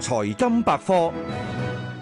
財經百科，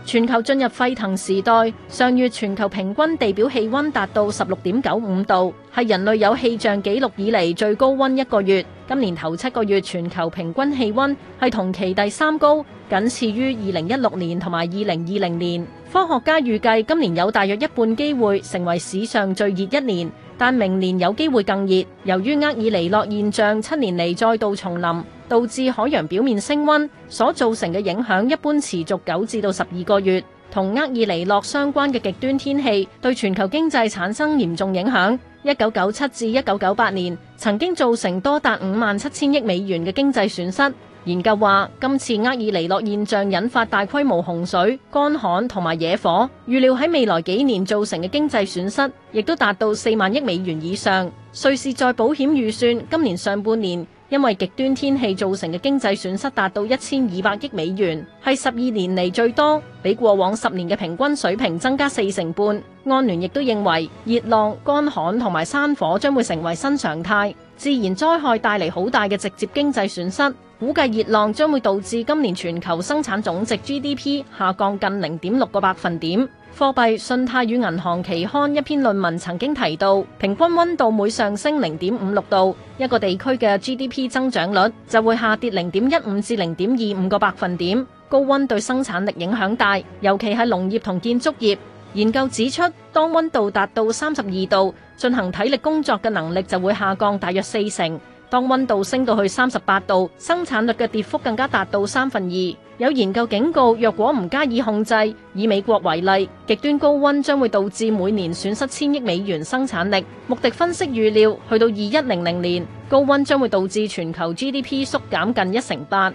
全球進入沸騰時代。上月全球平均地表氣溫達到十六點九五度，係人類有氣象紀錄以嚟最高溫一個月。今年頭七個月全球平均氣溫係同期第三高，僅次於二零一六年同埋二零二零年。科學家預計今年有大約一半機會成為史上最熱一年，但明年有機會更熱。由於厄爾尼諾現象七年嚟再度重臨。導致海洋表面升温所造成嘅影響，一般持續九至到十二個月。同厄爾尼諾相關嘅極端天氣對全球經濟產生嚴重影響。一九九七至一九九八年曾經造成多達五萬七千億美元嘅經濟損失。研究話，今次厄爾尼諾現象引發大規模洪水、乾旱同埋野火，預料喺未來幾年造成嘅經濟損失亦都達到四萬億美元以上。瑞士再保險預算今年上半年。因為極端天氣造成嘅經濟損失達到一千二百億美元，係十二年嚟最多，比過往十年嘅平均水平增加四成半。安聯亦都認為熱浪、乾旱同埋山火將會成為新常態，自然災害帶嚟好大嘅直接經濟損失，估計熱浪將會導致今年全球生產總值 GDP 下降近零點六個百分點。貨幣信貸與銀行期刊一篇論文曾經提到，平均溫度每上升零點五六度，一個地區嘅 GDP 增長率就會下跌零點一五至零點二五個百分點。高溫對生產力影響大，尤其係農業同建築業。研究指出，當溫度達到三十二度，進行體力工作嘅能力就會下降大約四成。當温度升到去三十八度，生產率嘅跌幅更加達到三分二。有研究警告，若果唔加以控制，以美國為例，極端高温將會導致每年損失千億美元生產力。穆迪分析預料，去到二一零零年，高温將會導致全球 GDP 縮減近一成八。